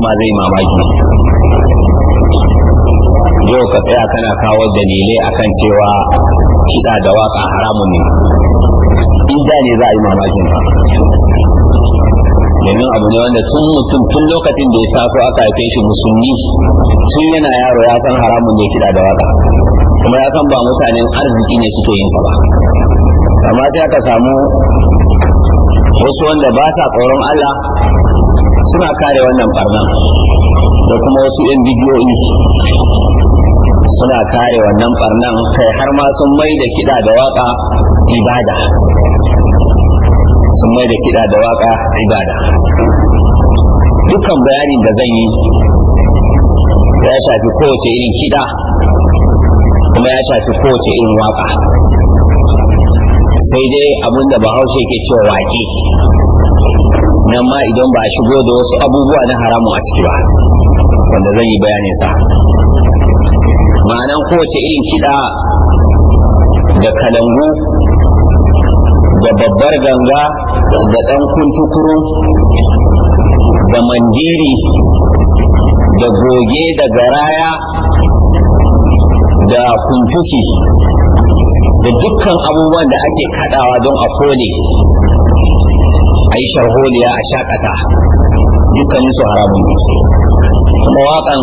ma zai mamaki yau ka tsaya kana kawo dalilai akan cewa kiɗa da waka haramun ne inda ne za a yi mamakin ka domin abu ne wanda tun mutum tun lokacin da ya taso aka haife shi musulmi tun yana yaro ya san haramun ne kiɗa da waka kuma ya san ba mutanen arziki ne suke yin sa ba amma sai aka samu wasu wanda ba sa tsoron Allah suna kare wannan barnan da kuma wasu yan bidiyoyi suna kare wannan barnan kai har ma sun mai da kiɗa da waka ibada sun mai da kiɗa da waka ibada dukkan bayanin da zan yi ya shafi kowace irin kiɗa kuma ya shafi kowace irin waka sai dai abinda bahaushe ke cewa waƙe nan ma idan ba a shigo da wasu abubuwa na haramun a ciki ba wanda zan yi bayanin sa ma'anan kowace irin kiɗa da kalangu da babbar ganga da ɗan kuntukuru da mandiri da goge da garaya da kuntuki da dukkan abubuwan da ake kaɗawa don a kone yi sharholiya a shakata dukkanin su haramun ne kuma waƙan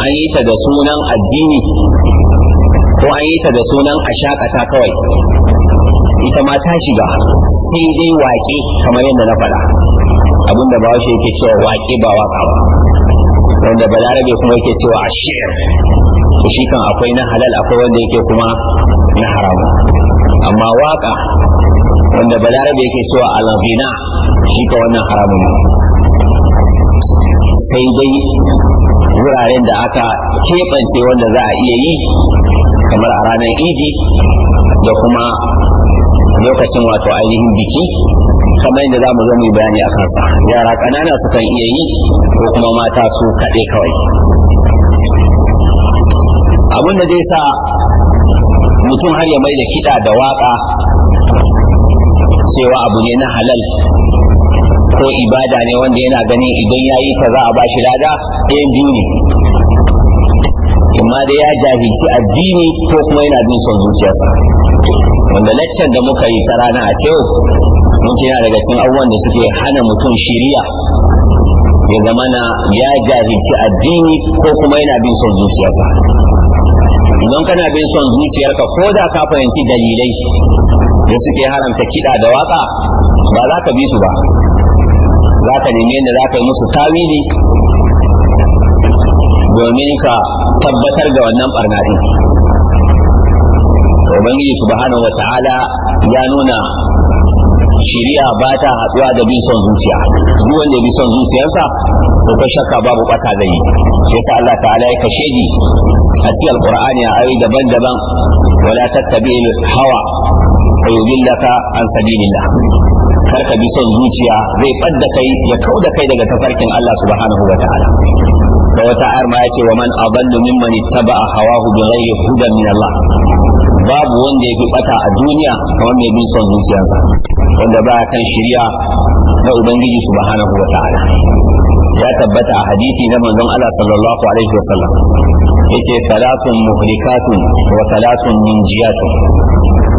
an yi ta da sunan addini ko an yi ta da sunan a shakata kawai ita ma ta shiga sai dai waƙe kamar yadda na faɗa abinda ba shi yake cewa waƙe ba waƙa ba wanda balarabe kuma yake cewa a shi'ar shi kan akwai na halal akwai wanda yake kuma na haramu amma waƙa wanda balarabe yake cewa alabina shi ka wannan haramun sai dai wuraren da aka keɓance wanda za a iya yi kamar a ranar idi da kuma lokacin wato ainihin biki kamar yadda za mu zo yi bayani a kansa yara ƙanana sukan iya yi ko kuma mata su kaɗai kawai abin da zai sa mutum har ya mai da kiɗa da waƙa cewa abu ne na halal ko ibada ne wanda yana ganin idan ya yi ta za a bashi lada ɗayan biyu ne amma dai ya jahilci addini ko kuma yana bin son zuciyarsa wanda laccan da muka yi ta rana a cewa mun ce daga cikin abubuwan da suke hana mutum shiriya ya zama na ya jahilci addini ko kuma yana bin son zuciyarsa don kana bin son zuciyarka ko da ka fahimci dalilai da suke haramta kiɗa da waƙa ba za ka bi su ba za ka neme da za ka yi musu tawili domin ka tabbatar da wannan barna din ubangiji subhanahu wata'ala ya nuna shiriya ba ta haɗuwa da bison zuciya duk wanda ya bi son zuciyarsa to ka shakka babu bata zai yasa Allah ta'ala ya kashe ni a cikin alqur'ani a ayoyi daban-daban wala tattabi'il hawa fayudillaka an sabilillah kar ka bi son zuciya zai fadda kai ya kauda kai daga tafarkin Allah subhanahu wa ta'ala da wata ayar ma ce wa man adallu mimman ittaba'a hawahu bighairi hudan min Allah babu wanda ya fi bata a duniya kamar mai bin son zuciyarsa wanda baya kan shirya na ubangiji subhanahu wa ta'ala ya tabbata a hadisi na manzon Allah sallallahu alaihi wasallam yace salatun muhlikatun wa salatun ninjiyatun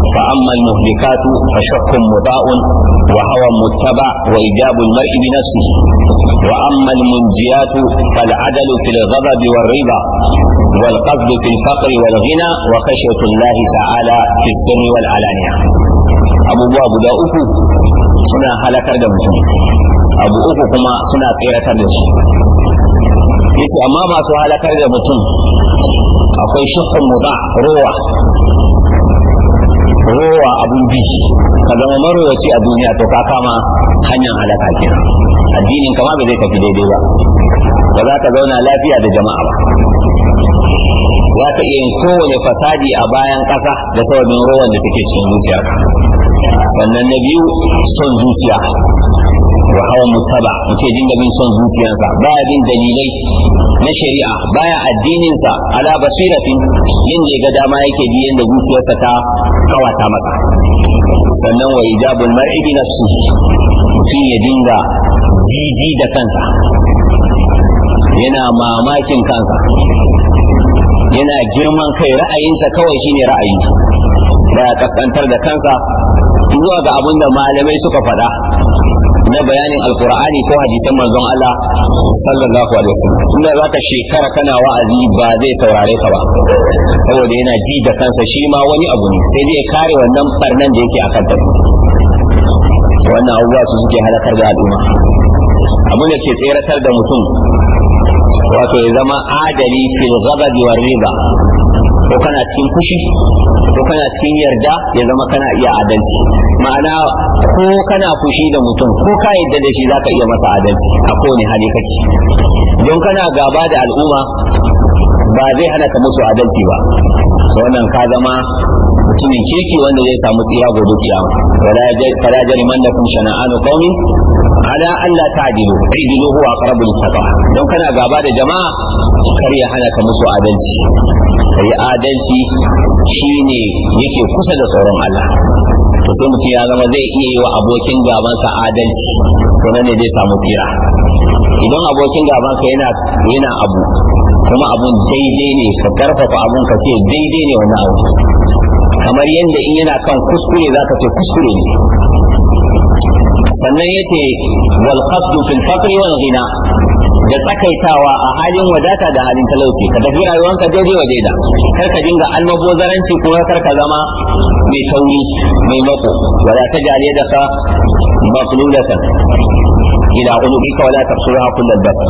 فأما المهلكات فشق مضاء وهوى متبع وإجاب المرء بنفسه وأما المنجيات فالعدل في الغضب riba. والقصد في الفقر والغنى وخشية الله تعالى في السر والعلانية أبو باب دا أكو سنة هلكر دا أبو أكو كما سنة سيرة دا yace amma masu halakar da mutum akwai shukun muda rowa rowa abun bi ka zama marowaci a duniya to ka kama hanyar halaka kenan addinin kama ba zai tafi daidai ba ba za ka zauna lafiya da jama'a ba za ta iya yin kowane fasadi a bayan ƙasa da sababin ruwan da take cikin zuciya. sannan na biyu son zuciya wa hawa mutaba muke dinga bin son zuciyarsa baya bin dalilai na shari'a baya addininsa ala basiratin yin da ga dama yake bi yanda zuciyarsa ta kawata masa sannan wa ijabul mar'i bi nafsihi mutum ya dinga jiji da kansa yana mamakin kansa yana girman kai ra'ayinsa kawai shine ra'ayi da kaskantar da kansa zuwa ga abin da malamai suka faɗa na bayanin alkur'ani ko hadisan manzon Allah sallallahu alaihi wasallam inda zaka shekara kana wa'azi ba zai saurare ka ba saboda yana ji da kansa shi ma wani abu ne sai dai kare wannan barnan da yake akan ta wannan abubuwa su suke halakar da al'umma abin da ke tseratar da mutum wato ya zama adali fil ghadabi war riba ko kana cikin kushi ko kana cikin yarda ya zama kana iya adalci ma'ana ko kana fushi da mutum ko ka yarda da shi zaka iya masa adalci a kowane hali kake don kana gaba da al'umma ba zai hana ka musu adalci ba wannan ka zama mutumin kirki wanda zai samu tsiya gobe kiyama fala jari man lakum shana'anu qaumin ala Allah ta'dilu ta'dilu huwa aqrabu lit-taqwa don kana gaba da jama'a kar ya hana ka musu adalci kai adalci shine yake kusa da tsoron Allah to sai mutum ya zama zai iya yi wa abokin gabansa adalci to nan ne zai samu tsira idan abokin gabanka yana yana abu kuma abun daidai ne ka karfafa abun ka ce daidai ne wannan abu kamar yadda in yana kan kuskure za ka ce kuskure ne sannan yace wal qasdu fil faqri wal ghina da tsakaitawa a halin wadata da halin talauci ka tafi rayuwanka daidai wa daida kar ka dinga almabozaranci ko kar ka zama mai tauri mai mako wala ta jali da ka maqlulatan ila ulubika wala tafsuruha kullal basar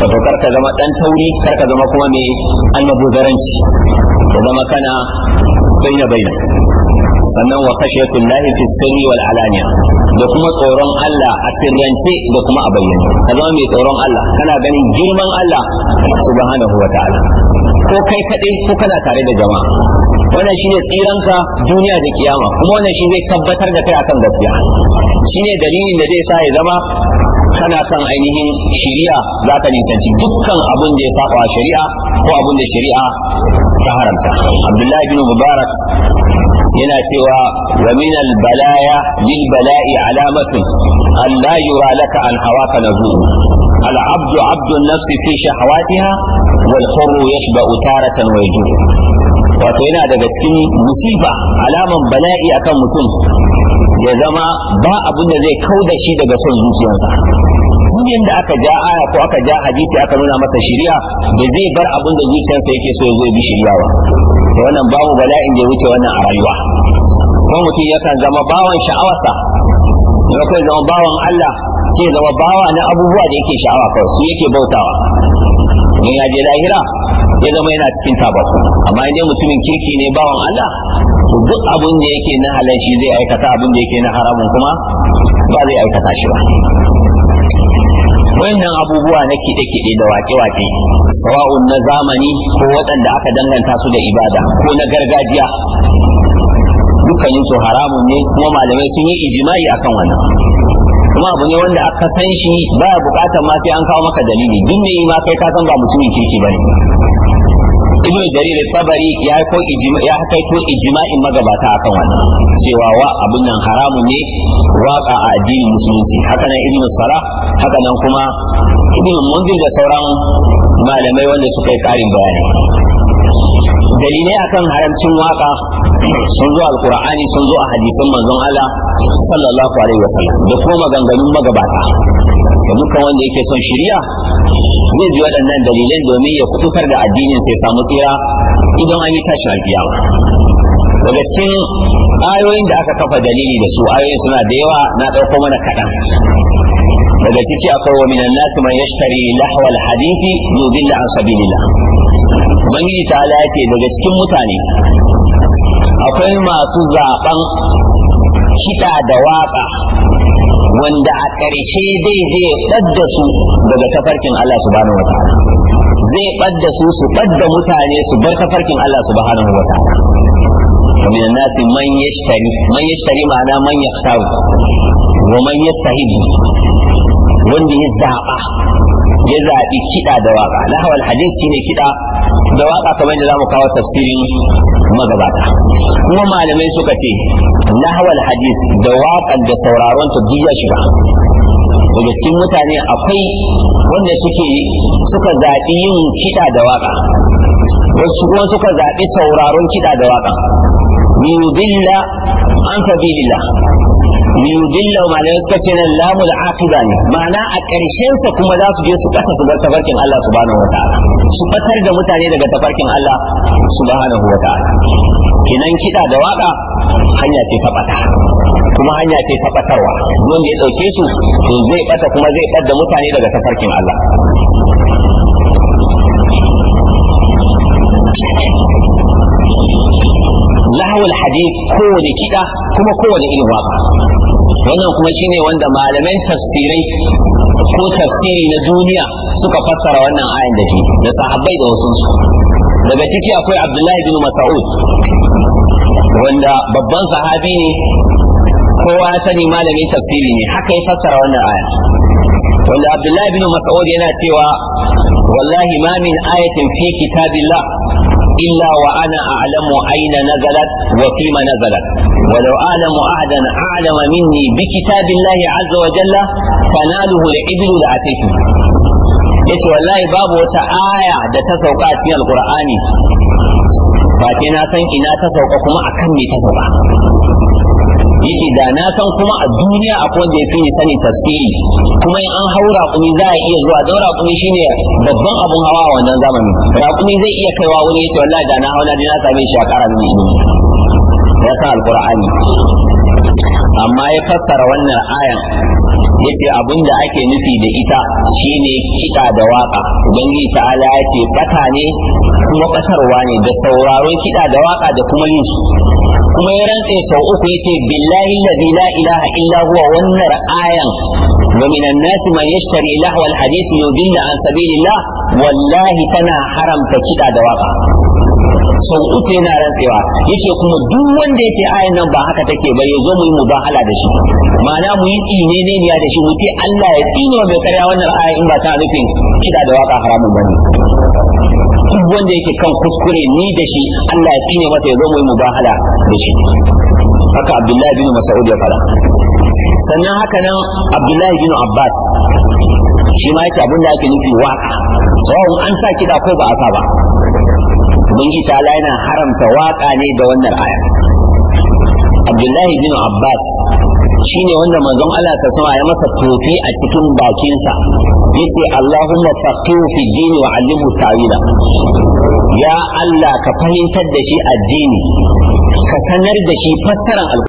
wato kar ka zama dan tauri kar ka zama kuma mai almabozaranci ka zama kana baina baina sannan wa khashiyatul lahi fi sirri wal alaniya da kuma tsoron Allah a sirrance da kuma a bayyane ka zama mai tsoron Allah kana ganin girman Allah subhanahu wa ta'ala ko kai kadai ko kana tare da jama'a wannan shine tsiranka duniya da kiyama kuma wannan shi zai tabbatar da kai akan gaskiya shine dalilin da zai sa ya zama kana kan ainihin shari'a za ka nisanci dukkan abin da ya saba shari'a ko abin da shari'a ta haramta abdullahi bin mubarak yana cewa wa min balaya lil bala'i alamatun an la yura laka an hawaka nazu al abdu abdu nafsi fi shahawatiha wal hurru yashba'u taratan wa yajur wato yana daga cikin musiba alaman bala'i akan mutum ya zama ba abin da zai kauda shi daga son zuciyarsa duk da aka ja aya ko aka ja hadisi aka nuna masa shari'a ba zai bar abin da zuciyarsa yake so ya zo bi shari'a ba to wannan babu bala'in da ya wuce wannan a rayuwa ko mutum yakan zama bawan sha'awarsa ya kai zama bawan Allah sai zama bawa na abubuwa da yake sha'awa kawai su yake bautawa in ya je lahira ya zama yana cikin tabaku amma in dai mutumin kirki ne bawan Allah to duk abin da yake na halal shi zai aikata abin da yake na haramun kuma ba zai aikata shi ba Wannan abubuwa na kiɗe-kiɗe da waƙe-waƙe sawa'un na zamani ko waɗanda aka danganta su da ibada ko na gargajiya dukkanin su haramun ne kuma malamai sun yi ijimai akan wannan kuma abu ne wanda aka san shi baya bukatar ma sai an kawo maka dalili duk ne ma kai ka san ba mutumin kirki bane ibn jarir tabari ya ko ijma ya kai ko ijma'in magabata akan wannan cewa wa abun nan haramun ne waka a addinin musulunci haka nan ibn sara, haka nan kuma ibn munzir da sauran malamai wanda suka yi karin bayani dalilai akan haramcin waka sun zo alkur'ani sun zo a hadisan manzon Allah sallallahu alaihi wasallam da kuma maganganun magabata da dukkan wanda yake son shiriya zai ji waɗannan dalilai domin ya kututar da addinin sai samu tsira idan an yi tashin alkiyama daga cikin ayoyin da aka kafa dalili da su ayoyin suna da yawa na ɗauko mana kaɗan daga ciki akwai wa minan nasu man yashtari lahwal hadisi yudilla an sabilillah ubangiji ta ala ce daga cikin mutane akwai masu zaɓan kiɗa da waƙa wanda a ƙarshe dai zai ɓadda su daga tafarkin Allah subhanahu wataala zai ɓadda su su ɓadda mutane su bar tafarkin Allah subhanahu wataala ومن الناس من يشتري من يشتري man من wa ومن يستهد wanda ya zaɓa ya zaɓi kiɗa da waƙa lahawal hadis shine kiɗa da waƙa kamar da zamu kawo tafsirin magabata kuma malamai suka ce lahawal hadis da waƙar da sauraron ta duk ya shiga daga cikin mutane akwai wanda suke suka zaɓi yin kiɗa da waƙa wasu kuma suka zaɓi sauraron kiɗa da waƙa liyudilla an sabilillah liyudilla malamai suka ce nan lamul aqiba ne ma'ana a ƙarshen sa kuma za su je su kasa su ga tafarkin Allah subhanahu wataala su batar da mutane daga tafarkin Allah kiɗa da waka hanya ce ta kuma hanya ce ta batarwa wanda ya ɗauke su to zai bata kuma zai ɓadda mutane daga tafarkin Allah kowane kiɗa kuma kowane irin waka wannan kuma shine wanda malaman tafsirai ko tafsiri na duniya suka fassara wannan ayan da shi da sahabbai da wasu daga ciki akwai abdullahi bin mas'ud wanda babban sahabi ne kowa ya sani malamin tafsiri ne haka ya fassara wannan aya wanda abdullahi bin mas'ud yana cewa wallahi ma min ayatin fi kitabillah إلا وأنا أعلم أين نزلت وفيما نزلت ولو أعلم أحدا أعلم مني بكتاب الله عز وجل فناله لإبل لأتيته yace wallahi babu wata aya da ta sauka a cikin alkur'ani ba ce na san ina ta sauka kuma akan me ta sauka yace da na san kuma a duniya akwai wanda ya fi sani tafsiri kuma in an hau raƙumi za a iya zuwa don raƙumi shine babban abun hawa a wannan zamani raƙumi zai iya kaiwa wani yace wallahi da na hau na je na same shi a ƙara mini ya san alƙur'ani amma ya fassara wannan ayan yace ce da ake nufi da ita shine kiɗa da waƙa ubangiji ta'ala ya ce bata ne kuma batarwa ne da sauraron kiɗa da waƙa da kuma yin su kuma ya rantse sau uku yace billahi allazi la ilaha illa huwa wannan ayan wa minan nasi man yashtari lahwa alhadith yudilla an sabilillah wallahi tana haramta kida da waka sau uku yana rantsewa yace kuma duk wanda yace ayan nan ba haka take ba yazo zo mu yi mubahala da shi ma'ana mu yi tsine ne ne da shi mu ce Allah ya tsine mai karya wannan aya in ba ta nufin kida da waka haramun bane duk wanda yake kan kuskure ni da shi Allah ya tsine masa ya zo mu yi mubahala da shi haka Abdullahi bin Mas'ud ya fara sannan haka nan Abdullahi bin Abbas shi ma yake abin da ake nufi waka sawun an sa kiɗa ko ba a sa ba ubangiji ta yana haramta waka ne da wannan aya abdullahi bin abbas shi ne wanda manzon Allah sa sama ya masa tofi a cikin bakinsa yace Allahumma faqihu fi dini wa allimhu tawila ya Allah ka fahimtar da shi addini ka sanar da shi fassaran